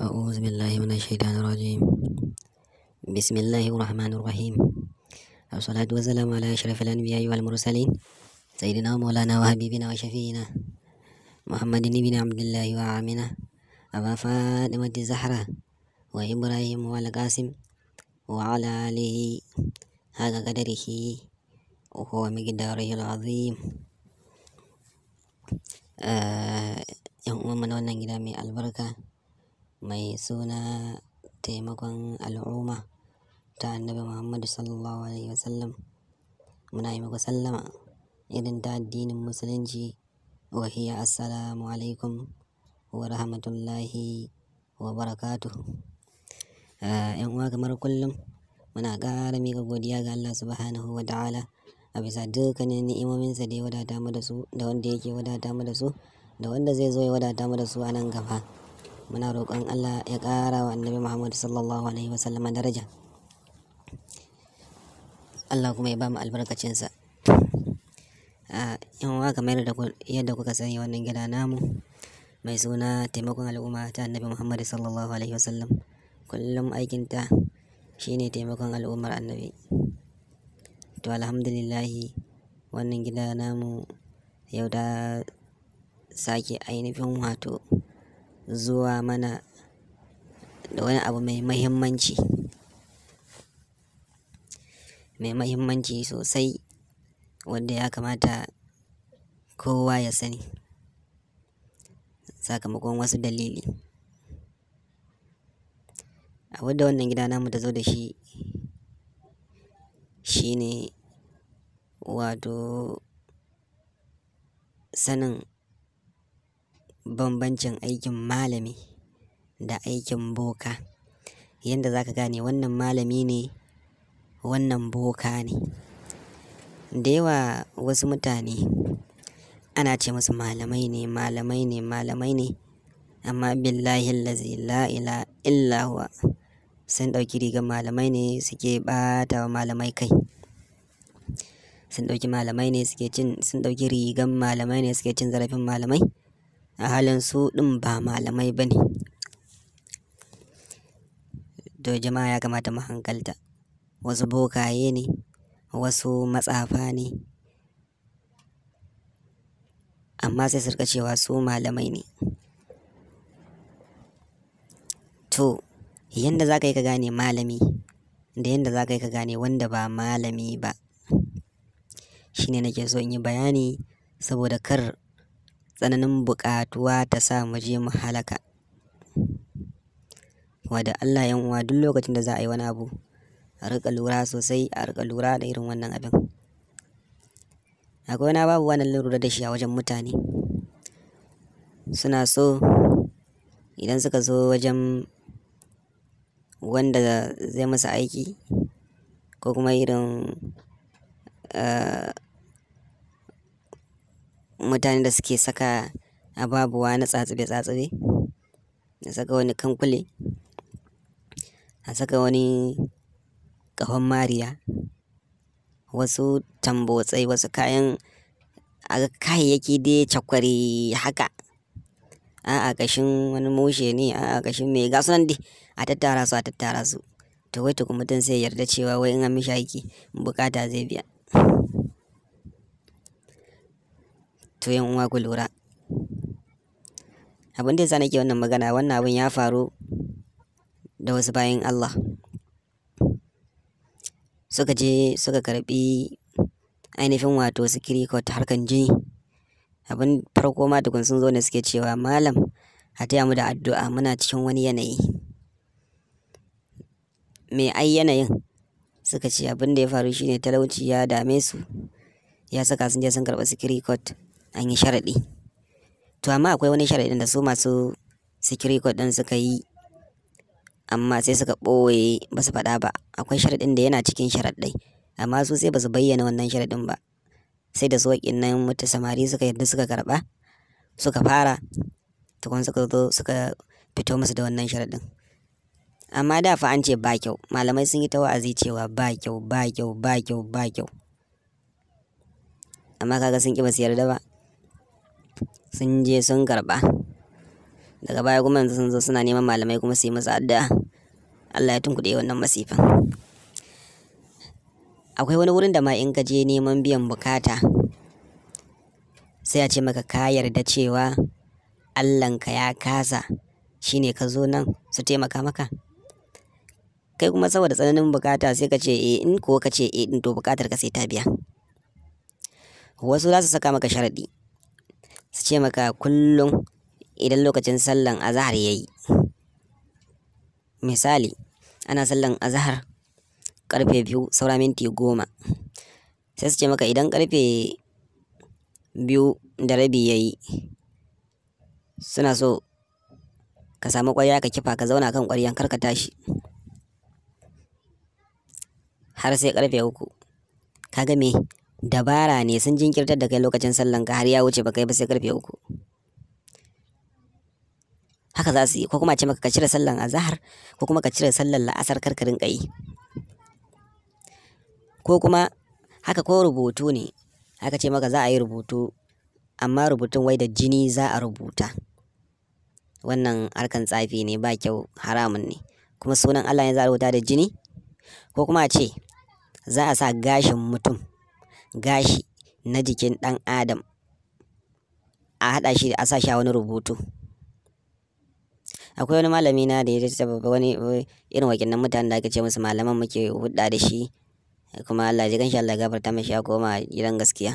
أعوذ بالله من الشيطان الرجيم بسم الله الرحمن الرحيم الصلاة والسلام على أشرف الأنبياء والمرسلين سيدنا مولانا وحبيبنا وشفينا محمد بن عبد الله وعامنا أبا فاطمة الزهرة وإبراهيم والقاسم وعلى آله هذا قدره وهو مقداره العظيم آه يوم من ونن البركه mai suna taimakon al'umma ta Annabi Muhammadu Sallallahu Alaihi Wasallam. Muna yi muku sallama irin ta addinin Musulunci wa hiya assalamu alaikum wa rahmatullahi wa barakatu. ‘Yan uwa kamar kullum muna ƙara miƙa godiya ga Allah Subhanahu wa ta'ala a bisa dukkanin ni'imominsa da ya wadata mu da su da wanda yake wadata mu da su da wanda zai zo ya wadata mu da su a nan gaba. muna roƙon Allah ya ƙara wa annabi Muhammad sallallahu alaihi wasallama daraja Allah kuma ya ba mu albarkacinsa yan wa kamar yadda kuka sani wannan gida namu mai suna taimakon al'umma ta annabi Muhammad sallallahu alaihi wasallam kullum aikinta shine taimakon al'ummar annabi to alhamdulillahi wannan gida namu yau da sake ainihin wato zuwa mana da wani abu mai mahimmanci, mai mahimmanci sosai wanda ya kamata kowa ya sani sakamakon wasu dalili. Abin da wannan gida namu ta zo da shi shine wato sanin bambancin aikin malami da aikin boka. Yadda za ka gane wannan malami ne, wannan boka ne. Da yawa wasu mutane ana ce musu malamai ne, malamai ne, malamai ne amma billahillazi la Laila illa sun ɗauki rigar malamai ne suke ɓata wa malamai kai. Sun ɗauki malamai ne suke cin, sun ɗauki rigar malamai ne suke cin zarafin malamai. A halin su ɗin ba malamai ba ne. To jama'a ya kamata mu hankalta, wasu bokaye ne, wasu matsafa ne, amma sai su cewa su malamai ne. To, yanda za ka yi ka gane malami da yanda za ka yi ka gane wanda ba malami ba, shine nake so in yi bayani saboda kar tsananin buƙatuwa ta sa mu je mu halaka wadda Allah yan uwa duk lokacin da za a yi wani abu a riƙa lura sosai a riƙa lura da irin wannan abin akwai na babu wannan lura da shi a wajen mutane suna so idan suka zo wajen wanda zai masa aiki ko kuma irin eh, mutane da suke saka ababuwa na tsatsabe-tsatsabe a saka wani kankule a saka wani ƙahon mariya wasu tambotsai wasu kayan a kayayyaki dai cakwari haka a a kashin wani mushe ne a a kashin mai gasu nan dai a tattara su a tattara su to wai tukun mutum sai yarda cewa wai in an mishi aiki bukata zai biya To yan uwa ku lura. Abin da yasa nake wannan magana wannan abin ya faru da wasu bayan Allah. Suka je suka karbi ainihin wato sikiri ta harkan jini. Abin farko ma tukun sun zo ne suke cewa malam a taya mu da addu'a muna cikin wani yanayi. Me ai yanayin? suka ce abin da ya faru shine talauci ya dame su ya saka sun je sun karɓi sikiri court an yi sharaɗi to amma akwai wani sharaɗin da su masu security code ɗin suka yi amma sai suka ɓoye ba su faɗa ba akwai sharaɗin da yana cikin sharaɗai amma su sai ba su bayyana wannan sharaɗin ba sai da su nan mutu samari suka yadda suka karɓa suka fara tukun suka zo suka fito musu da wannan sharaɗin amma da fa an ce ba kyau malamai sun yi ta wa'azi cewa ba kyau ba kyau ba kyau ba kyau amma kaga sun ƙi ba su yarda ba sun je sun karba daga baya kuma yanzu sun zo suna neman malamai kuma su yi musu addu'a Allah ya tunkuɗe wannan masifan akwai wani wurin da ma in ka je neman biyan bukata sai a ce maka ka yarda cewa Allahnka ya kasa shine ka zo nan su taimaka maka kai kuma saboda tsananin bukata sai ka ce eh in ko ka ce eh din to bukatar ka sai ta biya wasu za su saka maka sharadi su ce maka kullum idan lokacin sallan azahar ya yi misali ana sallan azahar karfe biyu saura minti goma sai su ce maka idan karfe biyu da rabi ya yi suna so ka samu ƙwarya ka kifa ka zauna kan ƙwaryan kar ka tashi har sai karfe uku kaga me dabara ne sun jinkirtar da kai lokacin sallan ka har ya wuce ba kai ba sai karfe uku haka za su yi ko kuma ce maka ka cire sallan azahar ko kuma ka cire sallan la'asar karkarin kai ko kuma haka ko rubutu ne haka ce maka za a yi rubutu amma rubutun wai da jini za a rubuta wannan harkan tsafi ne ba kyau haramun ne kuma sunan Allah ne za a rubuta da jini ko kuma a ce za a sa gashin mutum gashi na jikin ɗan adam a haɗa shi a sa shi a wani rubutu akwai wani malami na da ya taɓa wani irin wakilin mutanen da aka ce musu malaman muke hudda da shi kuma Allah ji kanshi Allah gafarta mashi ya koma gidan gaskiya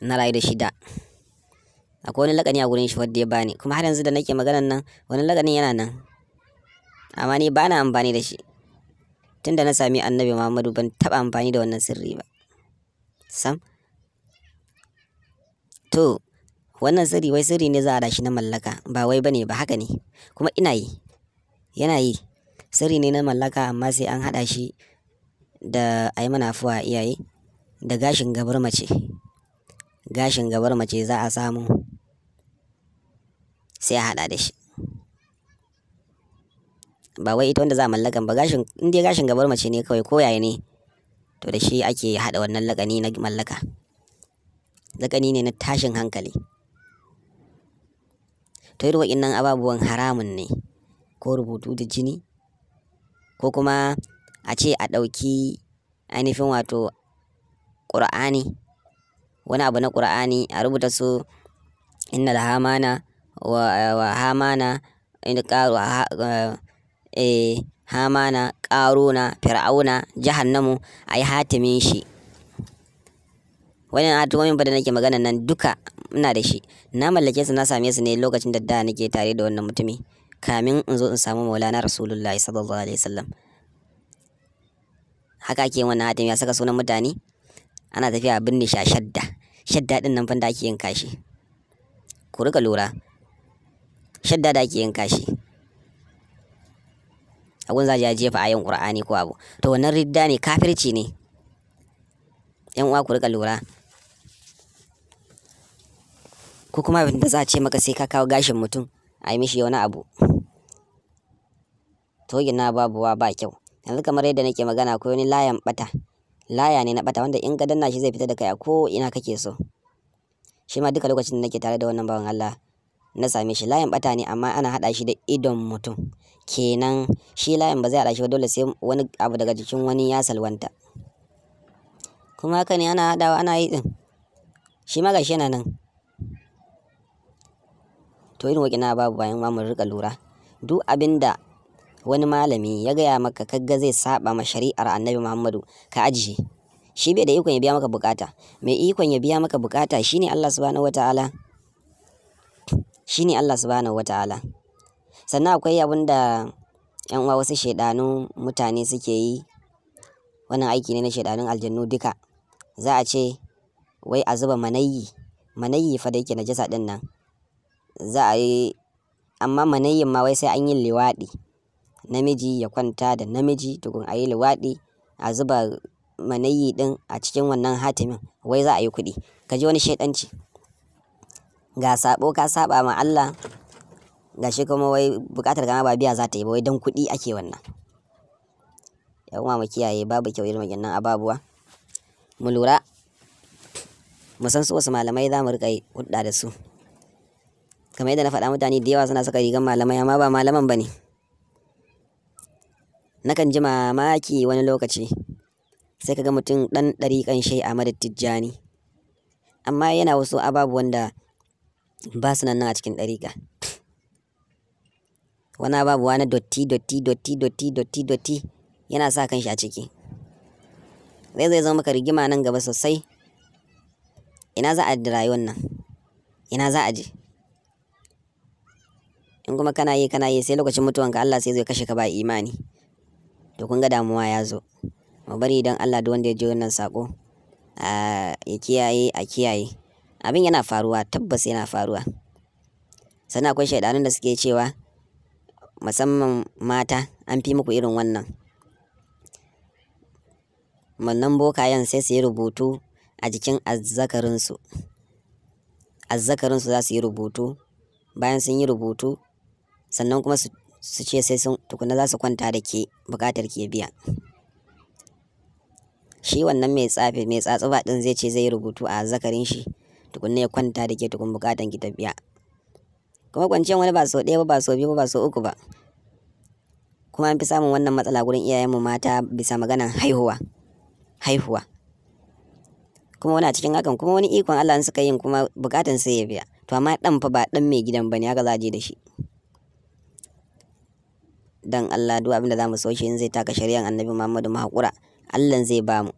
na rayu da shi da akwai wani lakani a gurin shi wadda ya bani kuma har yanzu da nake maganan nan wani lakanin yana nan amma ni ba na amfani da shi tunda na sami annabi Muhammadu ban taba amfani da wannan sirri ba sam to wannan sirri wai sirri ne za a shi na mallaka ba wai bane ba haka ne kuma ina yi yana yi sirri ne na mallaka amma sai an haɗa shi da a yi mana iyaye da gashin gabar mace gashin gabar mace za a samu sai a haɗa da shi ba wai ita wanda za a mallaka. ba gashin in dai gashin gabar mace ne kawai ko yaya ne to da shi ake hada wannan lakani na mallaka lakani ne na tashin hankali to irin waɗannan ababuwan haramun ne ko rubutu da jini ko kuma a ce a ɗauki ainihin wato ƙur'ani wani abu na ƙur'ani a rubuta su inna da hamana wa hamana inda ƙaru Eh, Hamana, Ƙaruna, Fir'auna, Jahannamu, a yi hatimin shi. Wannan hatimin ba da nake magana nan duka ina da shi. Na mallake su na same su ne lokacin da da nake tare da wannan mutumi. Kamin in zo in samu Maulana Rasulullahi sallallahu alaihi wasallam. Haka ake wannan hatimi ya saka sunan mutane. Ana tafiya binne sha shadda. Shadda din nan fa ake yin kashi. Ku rika lura. Shadda da ake yin kashi. abun za a ya jefa ayan qur'ani ko abu to wannan ridda ne kafirci ne yan uwa ku rika lura ko kuma abin da za a ce maka sai ka kawo gashin mutum a yi mishi wani abu to na babuwa ba kyau yanzu kamar yadda nake magana akwai wani layan bata laya ne na bata wanda in ka danna shi zai fita da kai a ko ina kake so shi ma duka lokacin da nake tare da wannan bawan Allah na same shi layin bata ne amma ana hada shi da idon mutum kenan shi layin ba zai hada shi ba dole sai wani abu daga jikin wani ya salwanta kuma haka ne ana haɗawa ana yi ɗin shi ma gashi yana nan to irin wakina babu bayan ma mun rika lura duk abinda wani malami ya gaya maka kaga zai saba ma shari'ar annabi muhammadu ka ajiye shi bai da ikon ya biya maka bukata mai ikon ya biya maka bukata shine allah subhanahu wataala shine Allah subhanahu wataala sannan akwai abin da yan uwa wasu shaidanun mutane suke yi wannan aiki ne na shaidanun aljannu duka za a ce wai a zuba manayi manayi fa da yake najasa din nan za a yi amma manayin ma wai sai an yi liwaɗi namiji ya kwanta da namiji tukun a yi liwaɗi a zuba manayi din a cikin wannan hatimin wai za a yi kuɗi ka ji wani shaidanci ga sabo ka saba ma Allah Ga shi kuma wai bukatar ka ba biya za ta yi ba wai dan kuɗi ake wannan yan uwa mu kiyaye babu kyau irin waɗannan ababuwa mu lura mu san su wasu malamai za mu rika hudda da su kamar yadda na faɗa mutane da yawa suna saka rigar malamai amma ba malaman ba ne nakan ji mamaki wani lokaci sai ka ga mutum ɗan kan shai a madadin tijjani amma yana wasu ababuwan da ba su nan a cikin ɗariƙa wani babu wani dotti dotti dotti dotti dotti dotti yana sa kanshi a ciki zai zai zama maka rigima nan gaba sosai ina za a rayuwar nan ina za a je in kuma kana yi kana yi sai lokacin mutuwan ka Allah sai zai kashe ka ba imani to kun ga damuwa ya zo mu bari don Allah duk wanda ya ji wannan sako a ya kiyaye a kiyaye abin yana faruwa tabbas yana faruwa sannan akwai shaidanun da suke cewa musamman mata an fi muku irin wannan mannan bokayen sai su yi rubutu a jikin azzakarinsu azzakarinsu za su yi rubutu bayan sun yi rubutu sannan kuma su ce sai sun tukuna za su kwanta da ke bukatar ke biya shi wannan mai tsafi mai tsatsuba din zai ce zai rubutu a azzakarin shi tukunna ya kwanta da ke tukun bukatan ki tafiya kuma kwanciyan wani ba so ɗaya ba ba so biyu ba ba so uku ba kuma an fi samun wannan matsala gurin iyayenmu mata bisa maganan haihuwa haihuwa kuma wani a cikin hakan kuma wani ikon Allah in suka yin kuma bukatan sai ya biya to amma dan fa ba dan mai gidan bane haka za je da shi dan Allah duk abin da zamu so shi in zai taka shari'an Annabi Muhammadu mu hakura Allah zai ba mu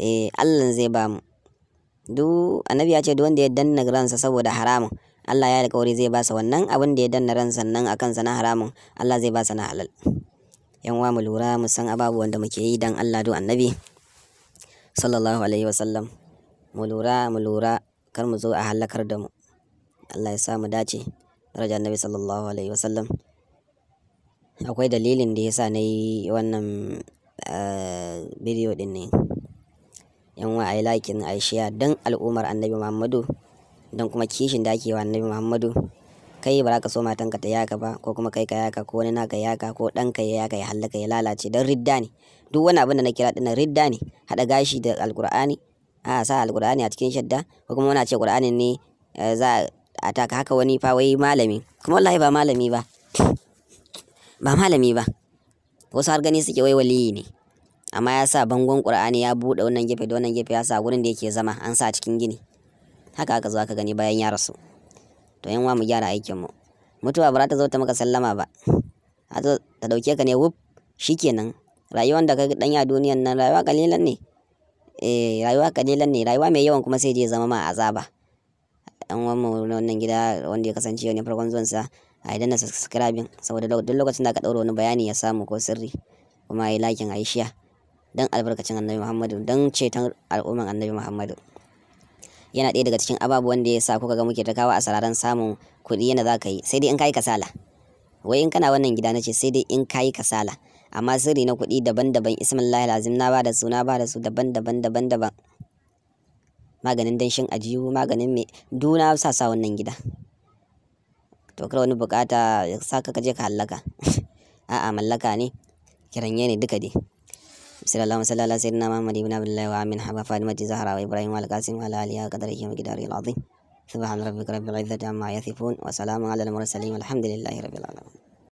eh Allah zai ba mu du annabi ya ce duk wanda ya danna ransa saboda haramun Allah ya alƙawari zai ba sa wannan abin da ya danna ransa nan akan sa na haramun Allah zai ba sa na halal yan wa mu lura mu san ababuwan da muke yi dan Allah duk annabi sallallahu alaihi wasallam mu lura mu lura kar mu zo a halakar da mu Allah ya sa mu dace daraja annabi sallallahu alaihi wasallam akwai dalilin da yasa nayi wannan eh, bidiyo din ne yan wa ai lakin ai shiya dan al'ummar annabi muhammadu dan kuma kishin da ake wa annabi muhammadu kai ba za ka so matanka ta yaka ba ko kuma kai ka yaka ko wani naka yaka ko dan ya yaka ya hallaka ya lalace dan ridda ne duk wani abin da na kira dinnan ridda ne haɗa gashi da alkur'ani a sa alkur'ani a cikin shadda ko kuma wani a ce qur'anin ne eh, za a taka haka wani fa wai malami kuma wallahi ba malami ba ba malami ba wasu har gani suke wai waliyi ne amma ya sa bangon ƙur'ani ya buɗe wannan gefe da wannan gefe ya sa gurin da yake zama an sa cikin gini haka aka zo aka gani bayan ya rasu to yan mu gyara aikin mu mutuwa ba za ta zo ta maka sallama ba a zo ta dauke ka ne wuf shikenan rayuwar da ka danya duniyan nan rayuwa kalilan ne eh rayuwa kalilan ne rayuwa mai yawan kuma sai je zama ma azaba an wannan wannan gida wanda ya kasance ne farkon zuwan sa a idan na subscribing saboda duk lokacin da ka daura wani bayani ya samu ko sirri kuma yi lakin aishiya don albarkacin annabi muhammadu don ceton al'umman annabi muhammadu yana ɗaya daga cikin ababuwan da ya sa kuka ga muke ta kawo a sararin samun kuɗi yana za ka yi sai dai in ka yi kasala wai in kana wannan gida na ce sai dai in ka yi kasala amma sirri na kuɗi daban-daban ismillahi lazim na ba da su na ba da su daban-daban daban-daban maganin danshin ajihu maganin me duna sa sa wannan gida to kar wani bukata ya saka kaje ka hallaka a'a mallaka ne kiranye ne duka dai بسم الله وسلم على سيدنا محمد بن عبد الله وعم حبا فاطمة زهرة وإبراهيم والقاسم وعلى آله وقدره ومقداره العظيم سبحان ربك رب العزة عما يصفون وسلام على المرسلين والحمد لله رب العالمين